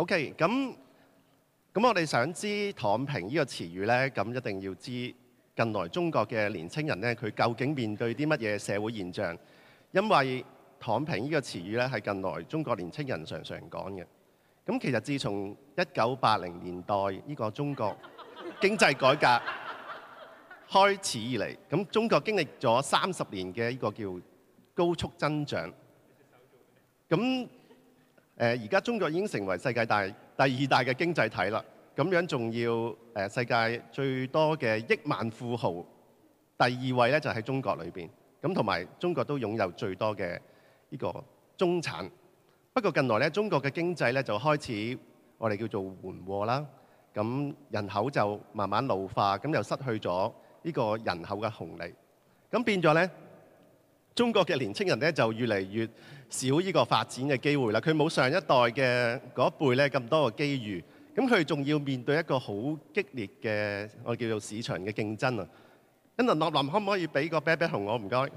OK，咁咁我哋想知躺平呢個詞語呢，咁一定要知近來中國嘅年青人呢，佢究竟面對啲乜嘢社會現象？因為躺平呢個詞語呢，係近來中國年青人常常講嘅。咁其實自從一九八零年代呢個中國經濟改革開始以嚟，咁中國經歷咗三十年嘅呢個叫高速增長，咁。誒而家中國已經成為世界大第二大嘅經濟體啦，咁樣仲要誒世界最多嘅億萬富豪第二位咧就喺中國裏邊，咁同埋中國都擁有最多嘅呢個中產。不過近來咧，中國嘅經濟咧就開始我哋叫做緩和啦，咁人口就慢慢老化，咁又失去咗呢個人口嘅紅利，咁變咗咧。中國嘅年輕人就越嚟越少呢個發展嘅機會喇他佢冇上一代嘅嗰一輩呢咁多個機遇，咁佢仲要面對一個好激烈嘅我叫做市場嘅競爭啊！咁林立林可唔可以畀個啤啤熊我？唔該。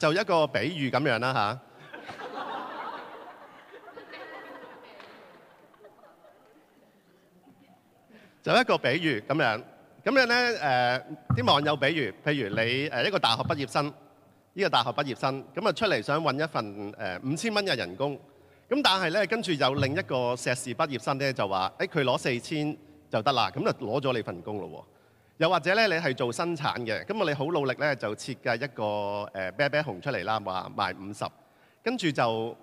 就一個比喻噉樣啦吓，就一個比喻噉樣。 咁樣咧，啲網友，比如，譬如你一個大學畢業生，呢個大學畢業生，咁啊出嚟想搵一份五千蚊嘅人工，咁但係咧，跟住有另一個碩士畢業生咧就話，佢攞四千就得啦，咁就攞咗你份工咯喎。又或者咧，你係做生產嘅，咁啊你好努力咧就設計一個呃呃呃啤啤熊出嚟啦，話賣五十，跟住就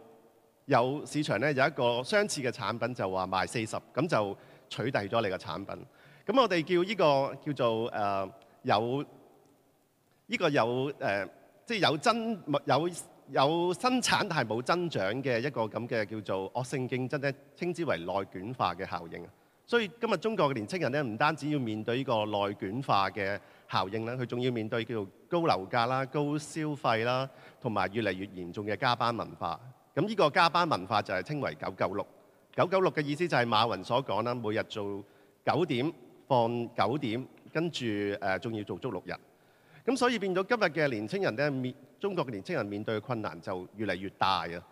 有市場咧有一個相似嘅產品就話賣四十，咁就取締咗你個產品。咁我哋叫呢個叫做呃有呢個有、呃、即係有增有有生產但係冇增長嘅一個咁嘅叫做惡性競爭咧，稱之為內卷化嘅效應。所以今日中國嘅年青人呢，唔單止要面對呢個內卷化嘅效應咧，佢仲要面對叫做高樓價啦、高消費啦，同埋越嚟越嚴重嘅加班文化。咁呢個加班文化就係稱為九九六。九九六嘅意思就係馬雲所講啦，每日做九點，放九點，跟住誒，仲要做足六日，咁所以變咗今日嘅年青人咧，面中國嘅年青人面對嘅困難就越嚟越大啊！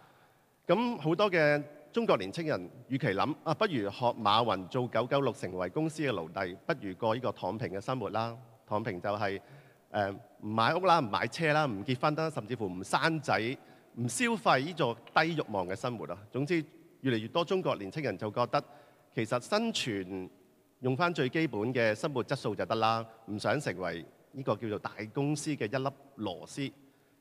咁好多嘅中國年青人，與其諗啊，不如學馬雲做九九六，成為公司嘅奴隸，不如過呢個躺平嘅生活啦。躺平就係誒唔買屋啦，唔買車啦，唔結婚啦，甚至乎唔生仔，唔消費呢座低慾望嘅生活啊！總之，越嚟越多中國年青人就覺得其實生存，用翻最基本嘅生活質素就得啦，唔想成為呢個叫做大公司嘅一粒螺絲。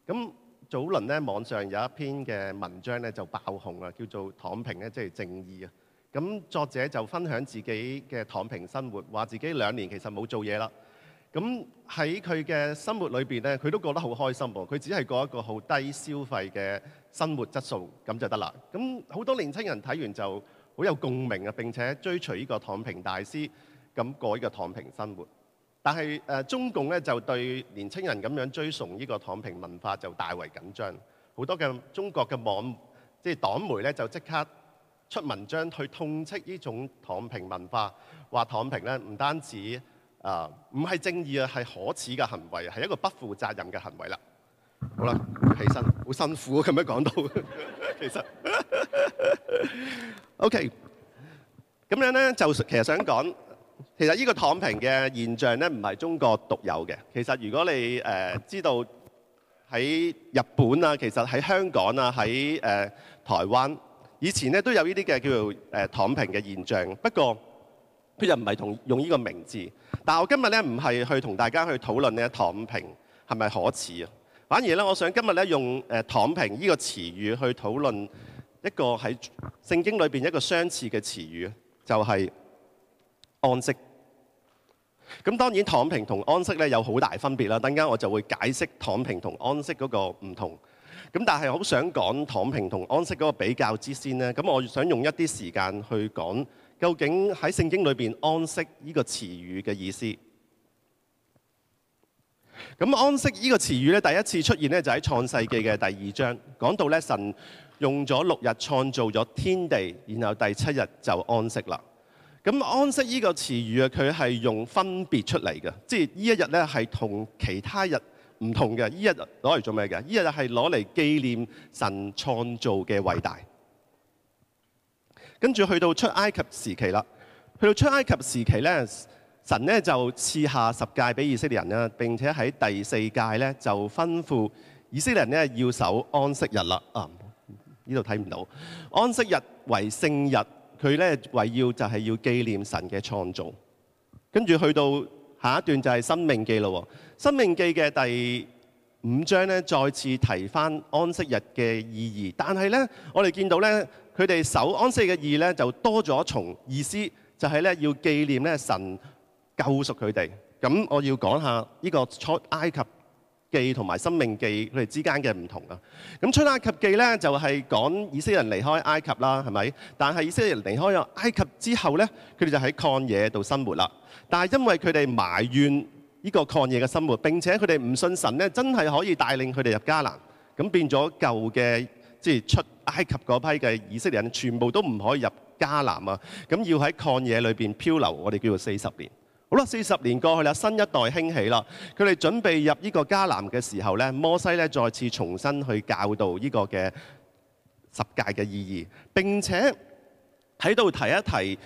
咁早輪咧，網上有一篇嘅文章咧就爆紅啦，叫做《躺平咧即係正義》啊。咁作者就分享自己嘅躺平生活，話自己兩年其實冇做嘢啦。咁喺佢嘅生活裏邊咧，佢都過得好開心喎。佢只係過一個好低消費嘅生活質素，咁就得啦。咁好多年輕人睇完就～好有共鳴啊！並且追隨呢個躺平大師，咁過呢個躺平生活。但係誒、呃、中共咧就對年輕人咁樣追崇呢個躺平文化就大為緊張，好多嘅中國嘅網即係黨媒咧就即刻出文章去痛斥呢種躺平文化，話躺平咧唔單止啊，呃，唔係正義啊，係可恥嘅行為，係一個不負責任嘅行為啦。好啦，起身好辛苦咁樣講到，其實 OK 咁樣咧，就其實想講，其實呢個躺平嘅現象咧，唔係中國獨有嘅。其實如果你誒知道喺日本啊，其實喺香港啊，喺誒台灣以前咧都有呢啲嘅叫做誒躺平嘅現象，不過佢又唔係同用呢個名字。但係我今日咧唔係去同大家去討論呢個躺平係咪可恥啊？反而咧，我想今日咧用誒躺平呢個詞語去討論一個喺聖經裏邊一個相似嘅詞語，就係安息。咁當然躺平同安息咧有好大分別啦。等間我就會解釋躺平同安息嗰個唔同。咁但係好想講躺平同安息嗰個比較之先咧，咁我想用一啲時間去講究竟喺聖經裏邊安息呢個詞語嘅意思。咁安息呢個詞語咧，第一次出現咧就喺創世記嘅第二章，講到咧神用咗六日創造咗天地，然後第七日就安息啦。咁安息呢個詞語啊，佢係用分別出嚟嘅，即係呢一日咧係同其他日唔同嘅。呢日攞嚟做咩嘅？呢日係攞嚟紀念神創造嘅偉大。跟住去到出埃及時期啦，去到出埃及時期咧。神咧就賜下十誡俾以色列人啦，並且喺第四誡咧就吩咐以色列人咧要守安息日啦。啊，呢度睇唔到。安息日為聖日，佢咧圍繞就係要紀念神嘅創造。跟住去到下一段就係《申命記》咯，《申命記》嘅第五章咧再次提翻安息日嘅意義，但係咧我哋見到咧佢哋守安息嘅意咧就多咗重意思，就係咧要紀念咧神。救贖佢哋，咁我要講下呢個出埃及記同埋申命記佢哋之間嘅唔同啊。咁出埃及記咧就係講以色列人離開埃及啦，係咪？但係以色列人離開咗埃及之後咧，佢哋就喺曠野度生活啦。但係因為佢哋埋怨呢個曠野嘅生活，並且佢哋唔信神咧，真係可以帶領佢哋入迦南，咁變咗舊嘅即係出埃及嗰批嘅以色列人，全部都唔可以入迦南啊！咁要喺曠野裏邊漂流，我哋叫做四十年。好啦，四十年過去啦，新一代興起啦。佢哋準備入呢個迦南嘅時候呢，摩西呢再次重新去教導呢個嘅十戒嘅意義，並且這裏提一提、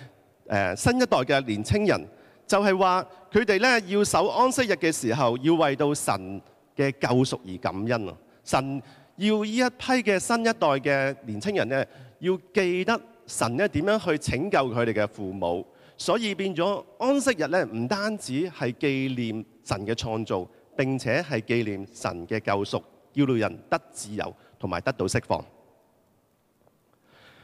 呃、新一代嘅年輕人，就係話佢哋呢要守安息日嘅時候，要為到神嘅救贖而感恩啊！神要呢一批嘅新一代嘅年輕人呢，要記得神呢點樣去拯救佢哋嘅父母。所以變咗安息日呢，唔單止係紀念神嘅創造，並且係紀念神嘅救贖，叫到人得自由同埋得到釋放。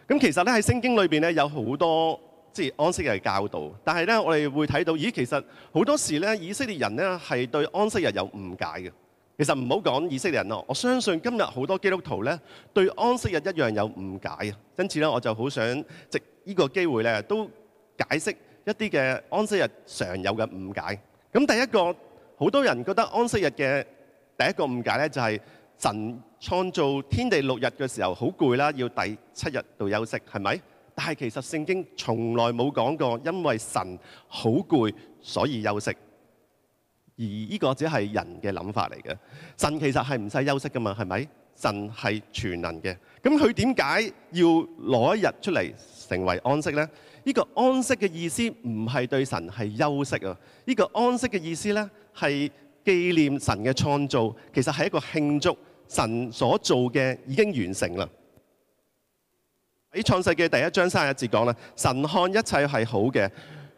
咁其實呢，喺聖經裏面有好多即係安息日嘅教導，但係呢，我哋會睇到，咦其實好多時呢，以色列人呢係對安息日有誤解嘅。其實唔好講以色列人咯，我相信今日好多基督徒呢對安息日一樣有誤解。因此呢，我就好想藉呢個機會呢。都。解釋一啲嘅安息日常有嘅誤解。咁第一個，好多人覺得安息日嘅第一個誤解咧，就係神創造天地六日嘅時候好攰啦，要第七日度休息，係咪？但係其實聖經從來冇講過，因為神好攰所以休息，而呢個只係人嘅諗法嚟嘅。神其實係唔使休息㗎嘛，係咪？神係全能嘅，咁佢點解要攞一日出嚟成為安息咧？呢個安息嘅意思唔係對神係休息啊！呢個安息嘅意思呢，係紀念神嘅創造，其實係一個慶祝神所做嘅已經完成啦。喺創世記第一章三十一節講啦，神看一切係好嘅，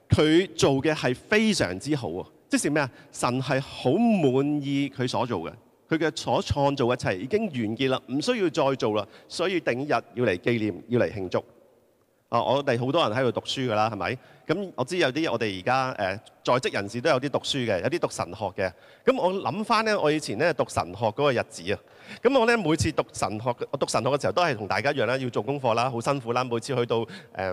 佢做嘅係非常之好啊！即是咩？神係好滿意佢所做嘅，佢嘅所創造的一切已經完結啦，唔需要再做啦，所以定日要嚟紀念，要嚟慶祝。我哋好多人喺度讀書㗎啦，係咪？咁我知有啲我哋而家誒在職人士都有啲讀書嘅，有啲讀神學嘅。咁我諗翻咧，我以前咧讀神學嗰個日子啊，咁我咧每次讀神學，我讀神學嘅時候都係同大家一樣啦，要做功課啦，好辛苦啦。每次去到誒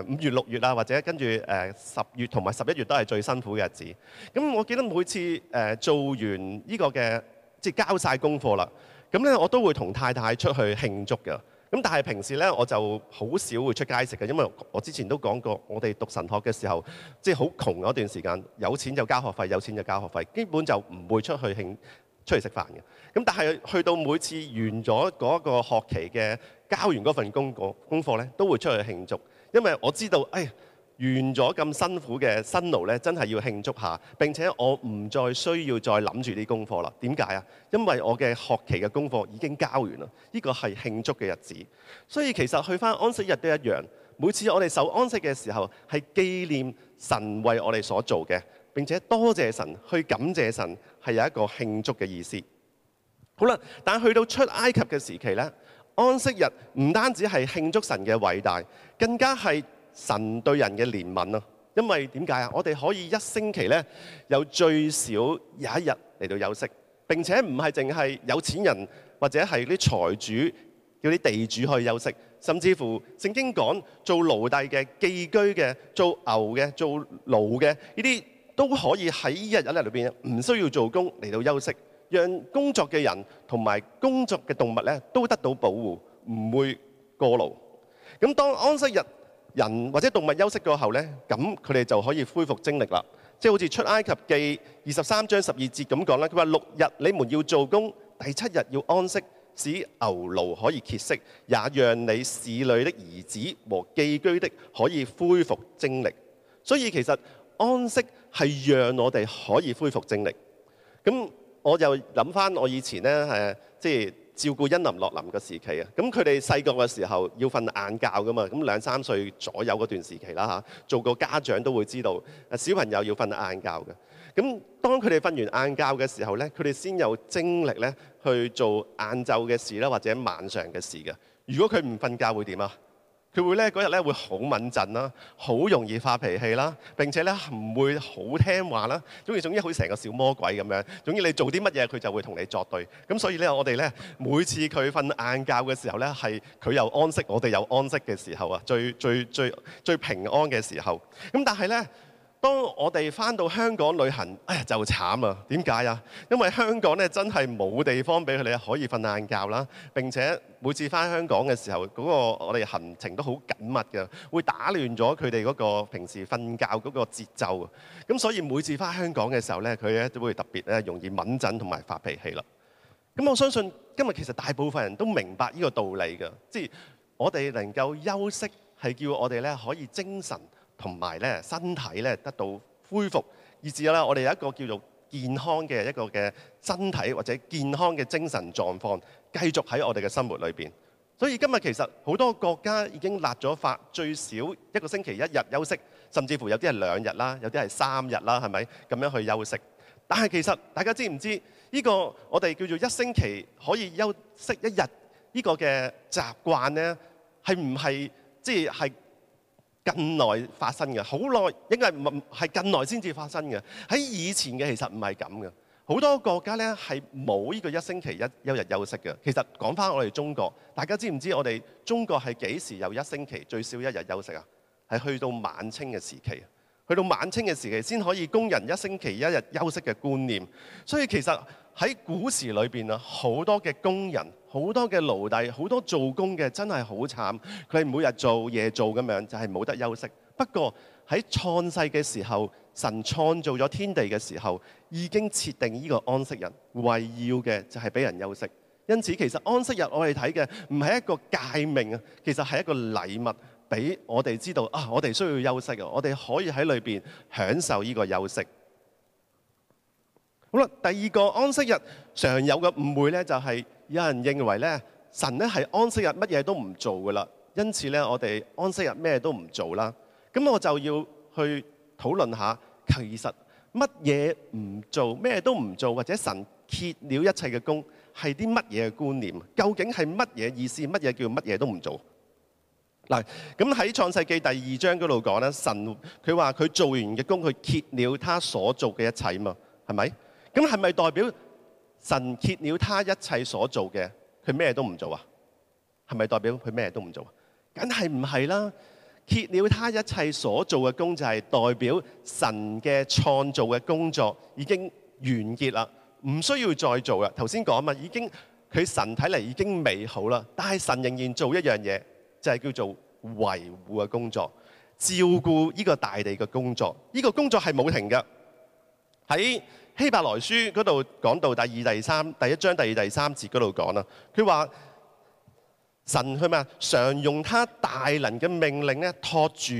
五月、六月啦，或者跟住誒十月同埋十一月都係最辛苦嘅日子。咁我記得每次誒做完呢個嘅，即係交晒功課啦。咁咧我都會同太太出去慶祝㗎。咁但係平時呢，我就好少會出街食嘅，因為我之前都講過，我哋讀神學嘅時候，即係好窮嗰段時間，有錢就交學費，有錢就交學費，基本就唔會出去慶出嚟食飯嘅。咁但係去到每次完咗嗰個學期嘅，交完嗰份功課功課咧，都會出去慶祝，因為我知道，哎。完咗咁辛苦嘅辛勞咧，真係要慶祝下。並且我唔再需要再諗住啲功課啦。點解啊？因為我嘅學期嘅功課已經交完啦。呢個係慶祝嘅日子。所以其實去返安息日都一樣。每次我哋守安息嘅時候，係紀念神為我哋所做嘅。並且多謝神，去感謝神係有一個慶祝嘅意思。好啦，但去到出埃及嘅時期呢，安息日唔單止係慶祝神嘅偉大，更加係。神對人嘅憐憫啊，因為點解啊？我哋可以一星期咧有最少有一日嚟到休息，並且唔係淨係有錢人或者係啲財主叫啲地主去休息，甚至乎聖經講做奴隸嘅寄居嘅、做牛嘅、做奴嘅呢啲都可以喺呢一日咧裏邊唔需要做工嚟到休息，讓工作嘅人同埋工作嘅動物咧都得到保護，唔會過勞。咁當安息日人或者動物休息過後呢，咁佢哋就可以恢復精力啦。即係好似出埃及記二十三章十二節咁講啦，佢話六日你們要做工，第七日要安息，使牛驢可以歇息，也讓你市裏的兒子和寄居的可以恢復精力。所以其實安息係讓我哋可以恢復精力。咁我又諗翻我以前咧誒照顧恩林落林嘅時期啊，咁佢哋細個嘅時候要瞓晏覺㗎嘛，咁兩三歲左右嗰段時期啦嚇，做個家長都會知道，小朋友要瞓晏覺嘅，咁當佢哋瞓完晏覺嘅時候咧，佢哋先有精力咧去做晏晝嘅事啦，或者晚上嘅事嘅。如果佢唔瞓覺會點啊？佢會咧嗰日咧會好敏陣啦，好容易發脾氣啦，並且咧唔會好聽話啦。總之總之，好似成個小魔鬼咁樣。總之你做啲乜嘢，佢就會同你作對。咁所以咧，我哋咧每次佢瞓晏覺嘅時候咧，係佢又安息，我哋又安息嘅時候啊，最最最最平安嘅時候。咁但係咧，當我哋返到香港旅行，哎呀就慘啊！點解啊？因為香港咧真係冇地方俾佢哋可以瞓晏覺啦。並且每次返香港嘅時候，嗰個我哋行程都好緊密嘅，會打亂咗佢哋嗰個平時瞓覺嗰個節奏。咁所以每次返香港嘅時候咧，佢咧都會特別咧容易敏震同埋發脾氣啦。咁我相信今日其實大部分人都明白呢個道理㗎，即係我哋能夠休息係叫我哋咧可以精神。同埋咧，身體咧得到恢復，以至啦，我哋有一個叫做健康嘅一個嘅身體或者健康嘅精神狀況，繼續喺我哋嘅生活裏面。所以今日其實好多國家已經立咗法，最少一個星期一日休息，甚至乎有啲係兩日啦，有啲係三日啦，係咪咁樣去休息？但係其實大家知唔知呢個我哋叫做一星期可以休息一日呢個嘅習慣咧，係唔係即係？近來發生嘅，好耐應該係近來先至發生嘅。喺以前嘅其實唔係咁嘅，好多國家呢係冇呢個一星期一，一日休息嘅。其實講返我哋中國，大家知唔知我哋中國係幾時有一星期最少一日休息啊？係去到晚清嘅時期，去到晚清嘅時期先可以工人一星期一日休息嘅觀念。所以其實。喺古時裏面，啊，好多嘅工人、好多嘅奴隸、好多做工嘅真係好慘，佢哋每日做夜做咁樣，就係冇得休息。不過喺創世嘅時候，神創造咗天地嘅時候，已經設定呢個安息日，為要嘅就係畀人休息。因此其實安息日我哋睇嘅唔係一個誡命，其實係一個禮物畀我哋知道啊，我哋需要休息，我哋可以喺裏面享受呢個休息。好啦，第二個安息日常有嘅誤會咧，就係有人認為咧，神咧係安息日乜嘢都唔做噶啦。因此咧，我哋安息日咩都唔做啦。咁我就要去討論下，其實乜嘢唔做，咩都唔做，或者神歇了一切嘅工，係啲乜嘢嘅觀念？究竟係乜嘢意思？乜嘢叫乜嘢都唔做在？嗱，咁喺創世記第二章嗰度講咧，神佢話佢做完嘅工，佢歇了他所做嘅一切嘛，係咪？咁係咪代表神揭了他一切所做嘅，佢咩都唔做啊？係咪代表佢咩都唔做啊？梗係唔係啦！揭了他一切所做嘅工，就係代表神嘅創造嘅工作已經完結啦，唔需要再做啦。頭先講啊嘛，已經佢神睇嚟，已經美好啦，但係神仍然做一樣嘢，就係、是、叫做維護嘅工作，照顧呢個大地嘅工作。呢、這個工作係冇停噶，喺。希伯來書嗰度講到第二、第三第一章第二、第三節嗰度講啦，佢話神係咪啊？常用他大能嘅命令咧，托住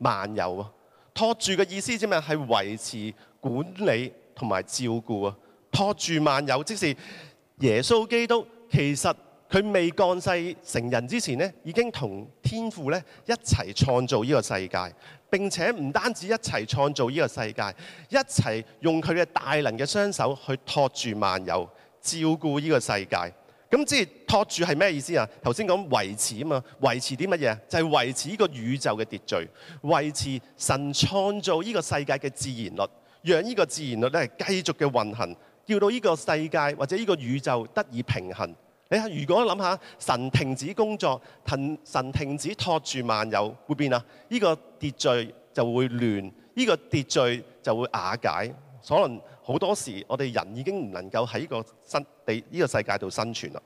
萬有啊！托住嘅意思即咩？係維持、管理同埋照顧啊！托住萬有，即是耶穌基督。其實佢未降世成人之前咧，已經同天父咧一齊創造呢個世界，並且唔單止一齊創造呢個世界，一齊用佢嘅大能嘅雙手去托住萬有照顧呢個世界。咁即係托住係咩意思啊？頭先講維持啊嘛，維持啲乜嘢啊？就係、是、維持呢個宇宙嘅秩序，維持神創造呢個世界嘅自然律，讓呢個自然律咧繼續嘅運行，叫到呢個世界或者呢個宇宙得以平衡。你睇，如果諗下神停止工作，神停止托住萬有，會變啊！依、呢個秩序就會亂，呢個秩序就會瓦解，可能好多時候我哋人已經唔能夠喺呢個、呢個世界度生存喇。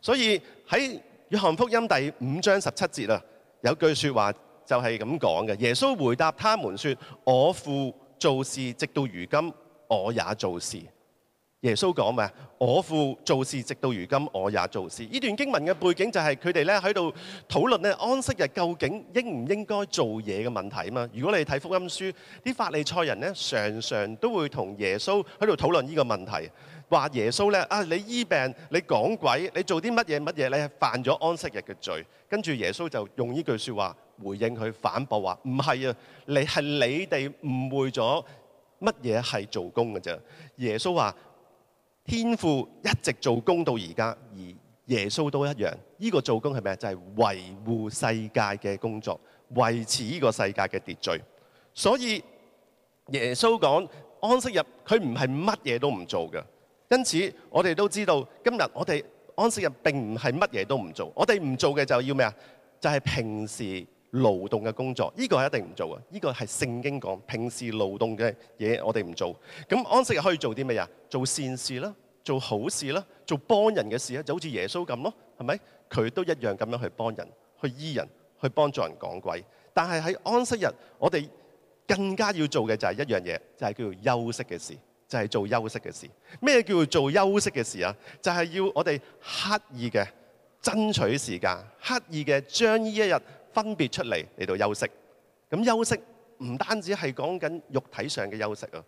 所以喺《約翰福音》第五章十七節啊，有句説話就係咁講嘅：耶穌回答他們說，我父做事，直到如今，我也做事。耶穌講咩？我父做事，直到如今，我也做事。呢段經文嘅背景就係佢哋咧喺度討論咧安息日究竟應唔應該做嘢嘅問題啊嘛。如果你睇福音書，啲法利賽人咧常常都會同耶穌喺度討論呢個問題，話耶穌咧啊，你醫病，你講鬼，你做啲乜嘢乜嘢，你係犯咗安息日嘅罪。跟住耶穌就用呢句説話回應佢，反駁話唔係啊，你係你哋誤會咗乜嘢係做工嘅啫。耶穌話。天父一直做工到而家，而耶穌都一樣。呢個做工係咩？就係維護世界嘅工作，維持呢個世界嘅秩序。所以耶穌講安息日，佢唔係乜嘢都唔做嘅。因此我哋都知道，今日我哋安息日並唔係乜嘢都唔做。我哋唔做嘅就要咩啊？就係平時勞動嘅工作，呢個係一定唔做嘅。呢個係聖經講，平時勞動嘅嘢我哋唔做。咁安息日可以做啲咩啊？做善事啦，做好事啦，做幫人嘅事啦，就好似耶穌咁咯，係咪？佢都一樣咁樣去幫人、去醫人、去幫助人講鬼。但係喺安息日，我哋更加要做嘅就係一樣嘢，就係叫做休息嘅事，就係做休息嘅事。咩叫做做休息嘅事啊？就係要我哋刻意嘅爭取時間，刻意嘅將呢一日，分別出嚟嚟到休息，咁休息唔單止係講緊肉體上嘅休息啊，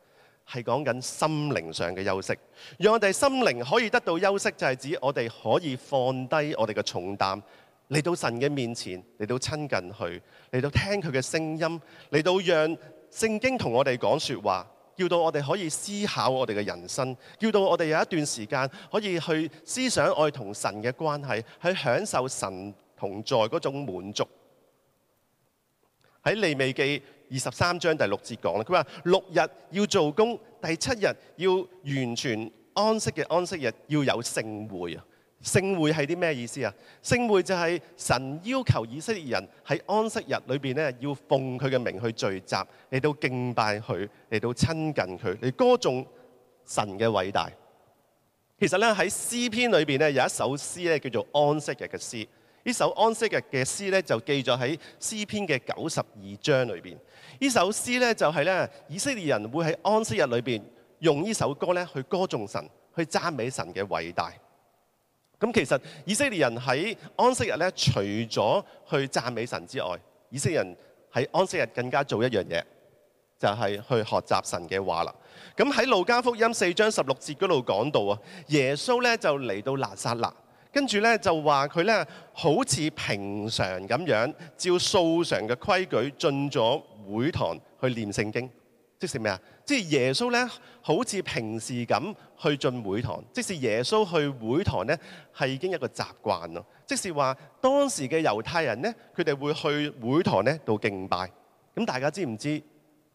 係講緊心靈上嘅休息。讓我哋心靈可以得到休息，就係指我哋可以放低我哋嘅重擔，嚟到神嘅面前，嚟到親近佢，嚟到聽佢嘅聲音，嚟到讓聖經同我哋講說話，叫到我哋可以思考我哋嘅人生，叫到我哋有一段時間可以去思想我同神嘅關係，去享受神同在嗰種滿足。喺利未記二十三章第六節講啦，佢話六日要做工，第七日要完全安息嘅，安息日要有聖會啊。聖會係啲咩意思啊？聖會就係神要求以色列人喺安息日裏邊咧，要奉佢嘅名去聚集，嚟到敬拜佢，嚟到親近佢，嚟歌頌神嘅偉大。其實咧喺詩篇裏邊咧有一首詩咧叫做安息日嘅詩。呢首安息日嘅詩咧，詩就記咗喺詩篇嘅九十二章裏面。呢首詩咧，就係咧，以色列人會喺安息日裏面，用呢首歌咧去歌頌神，去讚美神嘅偉大。咁其實以色列人喺安息日咧，除咗去讚美神之外，以色列人喺安息日更加做一樣嘢，就係去學習神嘅話啦。咁喺路加福音四章十六節嗰度講到啊，耶穌咧就嚟到拿撒勒。跟住咧就話佢咧好似平常咁樣，照素常嘅規矩進咗會堂去念聖經。即是咩啊？即係耶穌咧好似平時咁去進會堂。即係耶穌去會堂咧係已經一個習慣咯。即係話當時嘅猶太人咧，佢哋會去會堂咧度敬拜。咁大家知唔知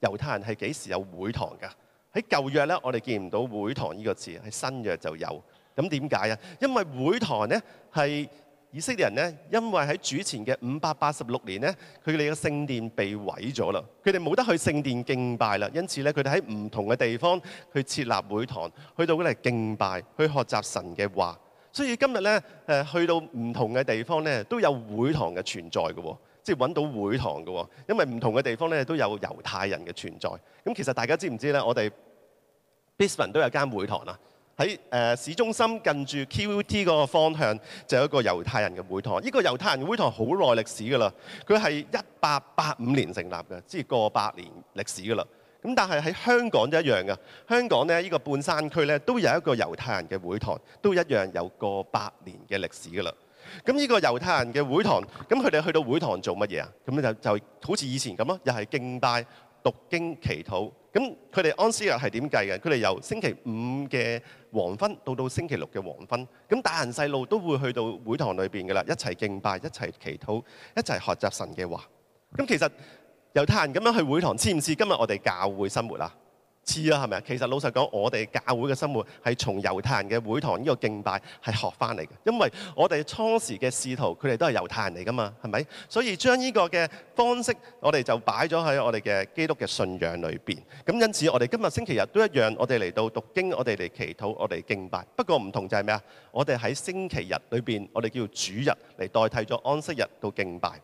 猶太人係幾時有會堂㗎？喺舊約咧，我哋見唔到會堂呢個字，喺新約就有。咁點解啊？因為會堂咧係以色列人咧，因為喺主前嘅五百八十六年咧，佢哋嘅聖殿被毀咗啦，佢哋冇得去聖殿敬拜啦，因此咧佢哋喺唔同嘅地方去設立會堂，去到嗰度敬拜，去學習神嘅話。所以今日咧誒，去到唔同嘅地方咧，都有會堂嘅存在嘅喎，即係揾到會堂嘅喎，因為唔同嘅地方咧都有猶太人嘅存在。咁其實大家知唔知咧？我哋 Brisbane 都有間會堂啦。喺誒市中心近住 QUT 嗰個方向，就有一個猶太人嘅會堂。呢個猶太人嘅會堂好耐歷史㗎啦，佢係一八八五年成立嘅，即係過百年歷史㗎啦。咁但係喺香港都一樣㗎。香港咧呢個半山區咧都有一個猶太人嘅會堂，都一樣有過百年嘅歷史㗎啦。咁呢個猶太人嘅會堂，咁佢哋去到會堂做乜嘢啊？咁咧就就好似以前咁咯，又係敬拜、讀經、祈禱。咁佢哋安息日係點計嘅？佢哋由星期五嘅黃昏到到星期六嘅黃昏，咁大人細路都會去到會堂裏面嘅喇，一齊敬拜，一齊祈禱，一齊學習神嘅話。咁其實猶太人咁樣去會堂，似唔似今日我哋教會生活啊？知啊，係咪？其實老實講，我哋教會嘅生活係從猶太人嘅會堂呢個敬拜係學翻嚟嘅。因為我哋初時嘅仕途，佢哋都係猶太人嚟㗎嘛，係咪？所以將呢個嘅方式，我哋就擺咗喺我哋嘅基督嘅信仰裏面。咁因此，我哋今日星期日都一樣，我哋嚟到讀經，我哋嚟祈禱，我哋嚟敬拜。不過唔同就係咩啊？我哋喺星期日裏面，我哋叫主日嚟代替咗安息日到敬拜。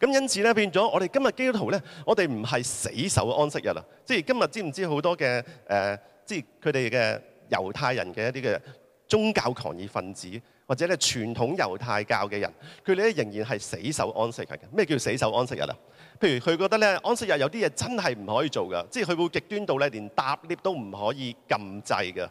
咁因此呢變咗我哋今日基督徒呢，我哋唔係死守安息日啊！即係今日知唔知好多嘅、呃、即係佢哋嘅猶太人嘅一啲嘅宗教狂熱分子，或者咧傳統猶太教嘅人，佢哋仍然係死守安息日嘅。咩叫死守安息日啊？譬如佢覺得呢安息日有啲嘢真係唔可以做㗎，即係佢會極端到咧，連搭 lift 都唔可以禁制㗎。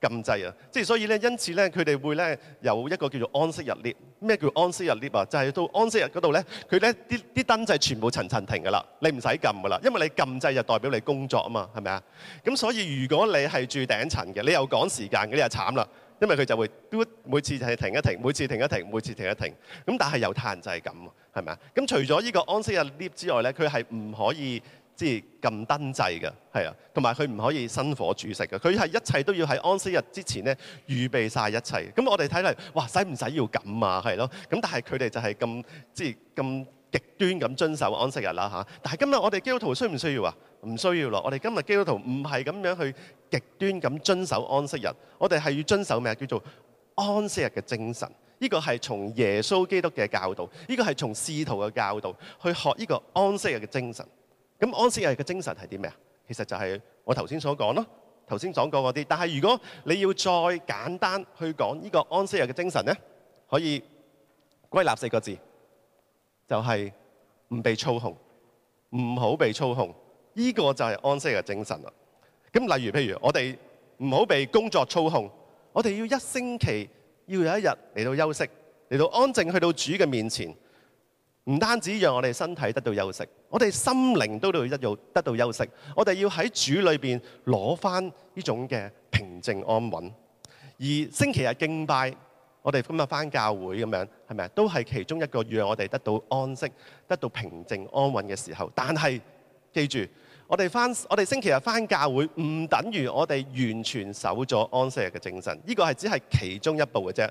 禁制啊，即係所以咧，因此咧，佢哋會咧有一個叫做安息日 lift。咩叫安息日 lift 啊？就係到安息日嗰度咧，佢咧啲啲燈就係全部層層停噶啦，你唔使撳噶啦，因為你撳制就代表你工作啊嘛，係咪啊？咁所以如果你係住頂層嘅，你又趕時間嘅，你又慘啦，因為佢就會嘟每次就係停一停，每次停一停，每次停一停。咁但係猶太人就係咁，係咪啊？咁除咗呢個安息日 lift 之外咧，佢係唔可以。即係撳燈掣嘅，係啊，同埋佢唔可以生火煮食嘅，佢係一切都要喺安息日之前呢預備晒一切。咁我哋睇嚟，哇！使唔使要咁啊？係咯，咁但係佢哋就係咁即係咁極端咁遵守安息日啦嚇、啊。但係今日我哋基督徒需唔需要啊？唔需要咯。我哋今日基督徒唔係咁樣去極端咁遵守安息日。我哋係要遵守咩啊？叫做安息日嘅精神。呢、這個係從耶穌基督嘅教導，呢、這個係從使徒嘅教導去學呢個安息日嘅精神。咁安息日嘅精神係啲咩啊？其實就係我頭先所講咯，頭先講過嗰啲。但係如果你要再簡單去講呢個安息日嘅精神咧，可以歸納四個字，就係唔被操控，唔好被操控。呢個就係安息日嘅精神啦。咁例如譬如我哋唔好被工作操控，我哋要一星期要有一日嚟到休息，嚟到安靜去到主嘅面前，唔單止讓我哋身體得到休息，我哋心靈都到會得到得到休息。我哋要喺主裏邊攞翻呢種嘅平靜安穩。而星期日敬拜，我哋今日翻教會咁樣，係咪？都係其中一個讓我哋得到安息、得到平靜安穩嘅時候。但係記住，我哋翻我哋星期日翻教會，唔等於我哋完全守咗安息日嘅精神。呢個係只係其中一步嘅啫。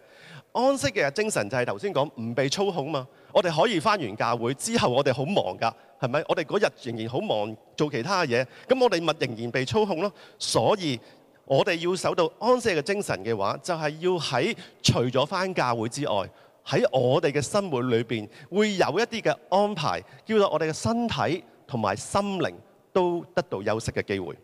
安息嘅精神就係頭先講，唔被操控嘛。我哋可以返完教會之後，我們很，我哋好忙㗎，係咪？我哋嗰日仍然好忙做其他嘢，咁我哋咪仍然被操控咯。所以我哋要守到安息嘅精神嘅話，就係、是、要喺除咗返教會之外，喺我哋嘅生活裏面會有一啲嘅安排，叫做我哋嘅身體同埋心靈都得到休息嘅機會。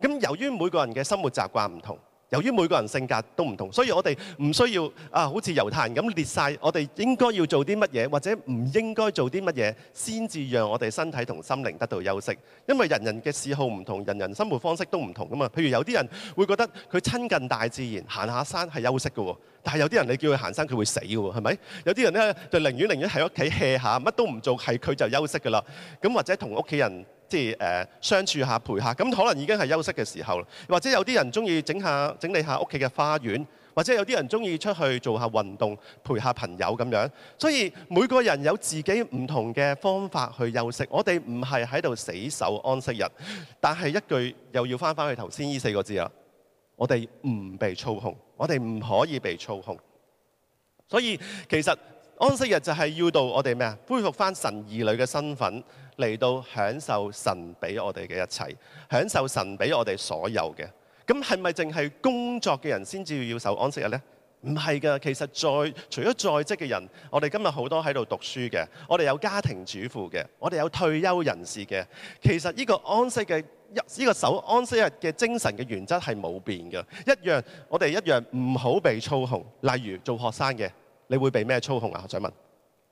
咁由於每個人嘅生活習慣唔同。由於每個人性格都唔同，所以我哋唔需要啊，好似猶太人咁列晒。我哋應該要做啲乜嘢，或者唔應該做啲乜嘢，先至讓我哋身體同心靈得到休息。因為人人嘅嗜好唔同，人人生活方式都唔同㗎嘛。譬如有啲人會覺得佢親近大自然，行下山係休息㗎喎。但係有啲人你叫佢行山，佢會死㗎喎，係咪？有啲人呢就寧願寧願喺屋企 hea 下，乜都唔做，係佢就休息㗎喇。咁或者同屋企人。即係、uh, 相處下陪下，咁可能已經係休息嘅時候；或者有啲人中意整下整理下屋企嘅花園，或者有啲人中意出去做下運動，陪下朋友咁樣。所以每個人有自己唔同嘅方法去休息。我哋唔係喺度死守安息日，但係一句又要翻返去頭先呢四個字啊！我哋唔被操控，我哋唔可以被操控。所以其實。安息日就係要到我哋咩？恢復返神兒女嘅身份，嚟到享受神畀我哋嘅一切，享受神畀我哋所有嘅。咁係咪淨係工作嘅人先至要守安息日呢？唔係㗎，其實在除咗在職嘅人，我哋今日好多喺度讀書嘅，我哋有家庭主婦嘅，我哋有退休人士嘅。其實呢個安息嘅呢個守安息日嘅精神嘅原則係冇變嘅，一樣我哋一樣唔好被操控。例如做學生嘅。你會被咩操控啊？我想問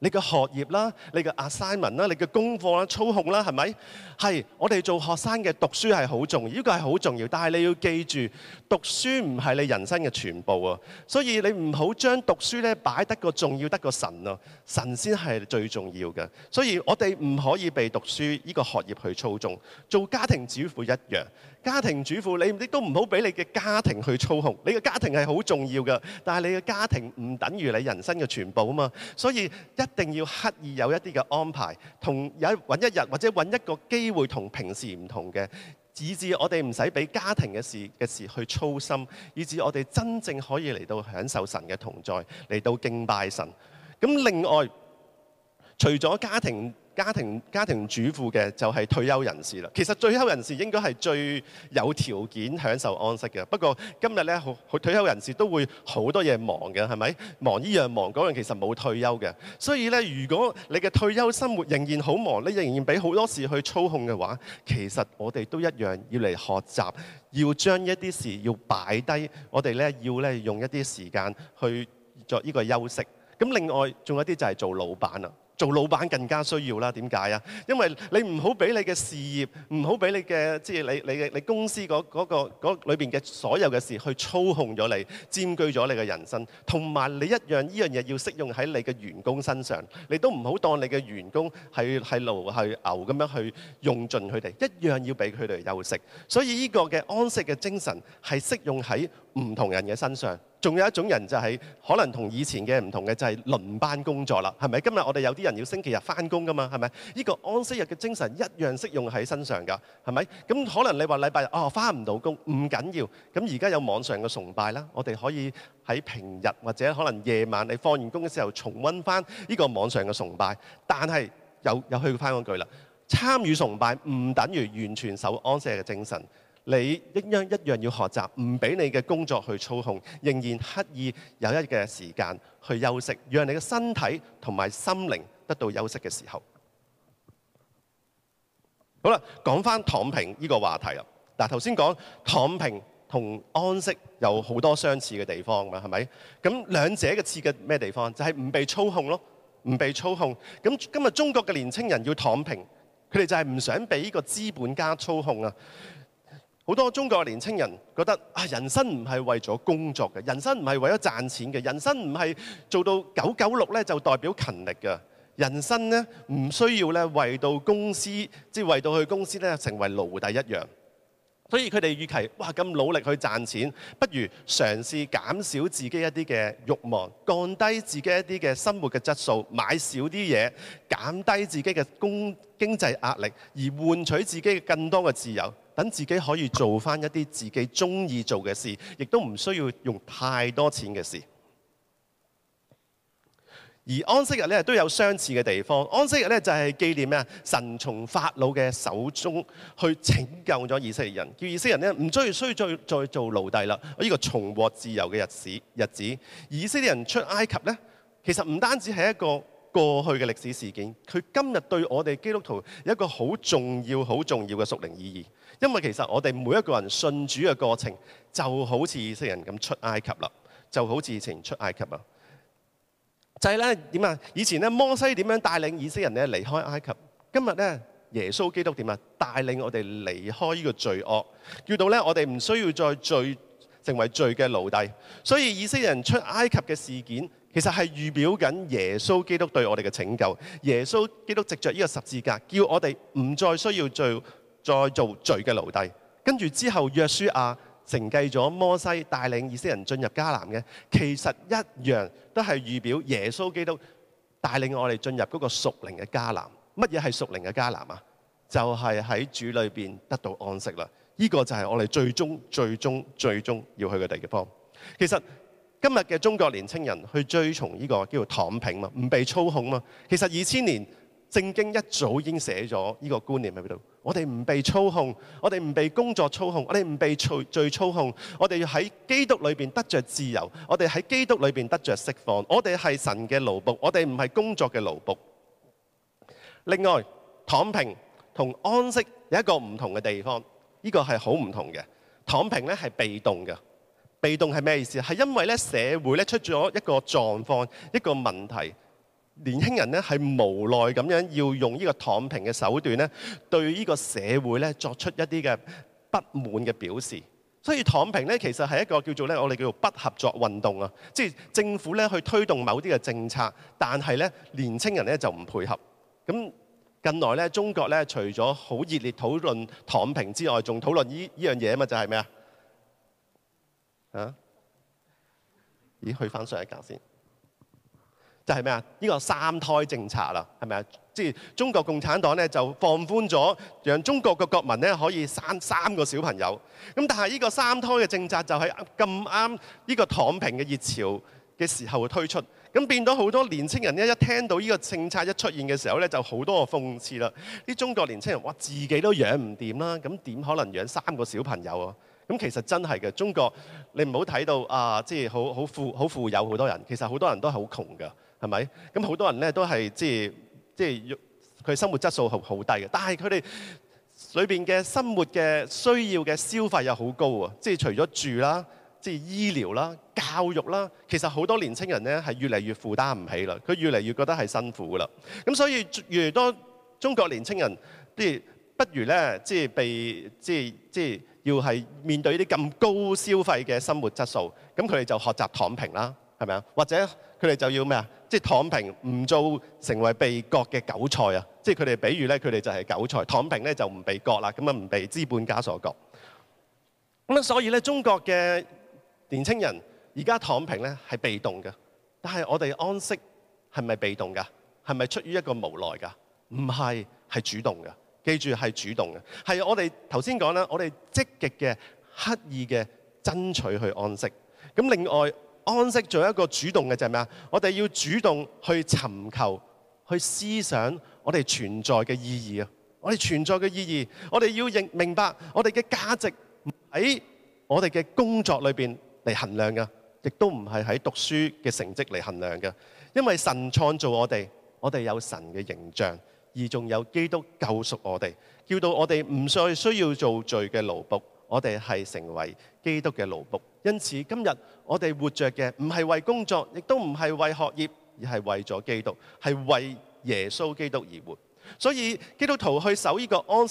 你嘅學業啦，你嘅 assignment 啦，你嘅功課啦，操控啦，係咪？係我哋做學生嘅讀書係好重要，呢、這個係好重要。但係你要記住，讀書唔係你人生嘅全部啊。所以你唔好將讀書呢擺得個重要得個神啊。神先係最重要嘅。所以我哋唔可以被讀書呢個學業去操縱，做家庭主婦一樣。家庭主婦，你唔，你都唔好俾你嘅家庭去操控。你嘅家庭係好重要㗎，但係你嘅家庭唔等於你人生嘅全部啊嘛。所以一定要刻意有一啲嘅安排，同有揾一日或者揾一個機會同平時唔同嘅，以至我哋唔使俾家庭嘅事嘅事去操心，以至我哋真正可以嚟到享受神嘅同在，嚟到敬拜神。咁另外，除咗家庭。家庭家庭主婦嘅就係退休人士啦。其實退休人士應該係最有條件享受安息嘅。不過今日呢，退休人士都會好多嘢忙嘅，係咪？忙一樣，忙嗰樣，其實冇退休嘅。所以呢，如果你嘅退休生活仍然好忙，你仍然俾好多事去操控嘅話，其實我哋都一樣要嚟學習，要將一啲事要擺低。我哋呢，要用一啲時間去做呢個休息。咁另外仲有一啲就係做老闆啊。做老闆更加需要啦，點解啊？因為你唔好俾你嘅事業，唔好俾你嘅，即係你你嘅你公司嗰嗰個嗰裏面嘅所有嘅事去操控咗你，佔據咗你嘅人生。同埋你一樣，依樣嘢要適用喺你嘅員工身上。你都唔好當你嘅員工係係奴係牛咁樣去用盡佢哋，一樣要俾佢哋休息。所以依個嘅安息嘅精神係適用喺唔同人嘅身上。仲有一種人就係可能同以前嘅唔同嘅就係輪班工作啦，係咪？今日我哋有啲人要星期日返工㗎嘛，係咪？呢個安息日嘅精神一樣適用喺身上㗎，係咪？咁可能你話禮拜日哦返唔到工，唔緊要，咁而家有網上嘅崇拜啦，我哋可以喺平日或者可能夜晚你放完工嘅時候重溫翻呢個網上嘅崇拜，但係有有去翻嗰句啦，參與崇拜唔等於完全守安息日嘅精神。你一樣一樣要學習，唔俾你嘅工作去操控，仍然刻意有一個時間去休息，讓你嘅身體同埋心靈得到休息嘅時候。好啦，講返躺平呢個話題啦。嗱，頭先講躺平同安息有好多相似嘅地方啊，係咪？咁兩者嘅刺激咩地方？就係唔被操控咯，唔被操控。咁今日中國嘅年青人要躺平，佢哋就係唔想俾呢個資本家操控啊。好多中國年輕人覺得啊，人生唔係為咗工作嘅，人生唔係為咗賺錢嘅，人生唔係做到九九六就代表勤力嘅，人生呢，唔需要呢為到公司，即係為到去公司成為奴隸一樣。所以佢哋預期，哇，咁努力去賺錢，不如嘗試減少自己一啲嘅慾望，降低自己一啲嘅生活嘅質素，買少啲嘢，減低自己嘅工經濟壓力，而換取自己嘅更多嘅自由。等自己可以做返一啲自己鍾意做嘅事，亦都唔需要用太多錢嘅事。而安息日咧都有相似嘅地方。安息日咧就係、是、紀念咩？神從法老嘅手中去拯救咗以色列人，叫以色列人咧唔需要再再做奴隸啦。我、這、呢個重獲自由嘅日日子，日子以色列人出埃及咧，其實唔單止係一個。過去嘅歷史事件，佢今日對我哋基督徒有一個好重要、好重要嘅屬靈意義。因為其實我哋每一個人信主嘅過程，就好似以色列人咁出埃及啦，就好似以前出埃及啦。就係咧點啊？以前咧摩西點樣帶領以色列人咧離開埃及？今日咧耶穌基督點啊？帶領我哋離開呢個罪惡，叫到咧我哋唔需要再罪，成為罪嘅奴隸。所以以色列人出埃及嘅事件。其實係預表緊耶穌基督對我哋嘅拯救，耶穌基督藉著呢個十字架，叫我哋唔再需要做罪，再做罪嘅奴隸。跟住之後，約書亞承繼咗摩西帶領以色列人進入迦南嘅，其實一樣都係預表耶穌基督帶領我哋進入嗰個屬靈嘅迦南。乜嘢係屬靈嘅迦南啊？就係喺主裏邊得到安息啦。呢個就係我哋最終、最終、最終要去嘅地方。其實。今日嘅中國年輕人去追從呢個叫做躺平嘛，唔被操控嘛。其實二千年正經一早已經寫咗呢個觀念喺度。我哋唔被操控，我哋唔被工作操控，我哋唔被罪操控。我哋要喺基督裏面得着自由，我哋喺基督裏面得着釋放。我哋係神嘅奴僕，我哋唔係工作嘅奴僕。另外，躺平同安息有一個唔同嘅地方，呢、這個係好唔同嘅。躺平呢係被動嘅。被動係咩意思啊？係因為咧社會咧出咗一個狀況，一個問題，年輕人咧係無奈咁樣要用呢個躺平嘅手段咧，對呢個社會咧作出一啲嘅不滿嘅表示。所以躺平咧其實係一個叫做咧，我哋叫做不合作運動啊。即係政府咧去推動某啲嘅政策，但係咧年輕人咧就唔配合。咁近來咧中國咧除咗好熱烈討論躺平之外，仲討論呢呢樣嘢啊嘛，就係咩啊？啊！咦？去翻上一格先就是什麼，就係咩啊？呢個三胎政策啦，係咪啊？即係中國共產黨咧就放寬咗，讓中國嘅國民咧可以生三,三個小朋友。咁但係呢個三胎嘅政策就喺咁啱呢個躺平嘅熱潮嘅時候推出，咁變咗好多年青人咧一聽到呢個政策一出現嘅時候咧就好多個諷刺啦。啲中國年青人哇自己都養唔掂啦，咁點可能養三個小朋友啊？咁其實真係嘅，中國你唔好睇到啊，即係好好富好富有好多人，其實好多人都係好窮㗎，係咪？咁好多人咧都係即係即係佢生活質素係好低嘅，但係佢哋裏邊嘅生活嘅需要嘅消費又好高啊，即係除咗住啦，即係醫療啦、教育啦，其實好多年青人咧係越嚟越負擔唔起啦，佢越嚟越覺得係辛苦噶啦。咁所以越嚟越多中國年青人，不如不如咧，即係被即係即係。要係面對呢啲咁高消費嘅生活質素，咁佢哋就學習躺平啦，係咪啊？或者佢哋就要咩啊？即係躺平，唔做成為被割嘅韭菜啊！即係佢哋，比喻咧，佢哋就係韭菜，躺平咧就唔被割啦，咁啊唔被資本家所割。咁所以咧，中國嘅年輕人而家躺平咧係被動嘅，但係我哋安息係咪被動噶？係咪出於一個無奈噶？唔係，係主動噶。記住係主動嘅，係我哋頭先講啦，我哋積極嘅、刻意嘅爭取去安息。咁另外安息仲有一個主動嘅就係咩？我哋要主動去尋求、去思想我哋存在嘅意義啊！我哋存在嘅意義，我哋要認明白我哋嘅價值唔喺我哋嘅工作裏面嚟衡量㗎，亦都唔係喺讀書嘅成績嚟衡量㗎。因為神創造我哋，我哋有神嘅形象。而仲有基督救贖我哋，叫到我哋唔再需要做罪嘅奴僕，我哋係成為基督嘅奴僕。因此今日我哋活着嘅唔係為工作，亦都唔係為學業，而係為咗基督，係為耶穌基督而活。所以基督徒去守呢個安息。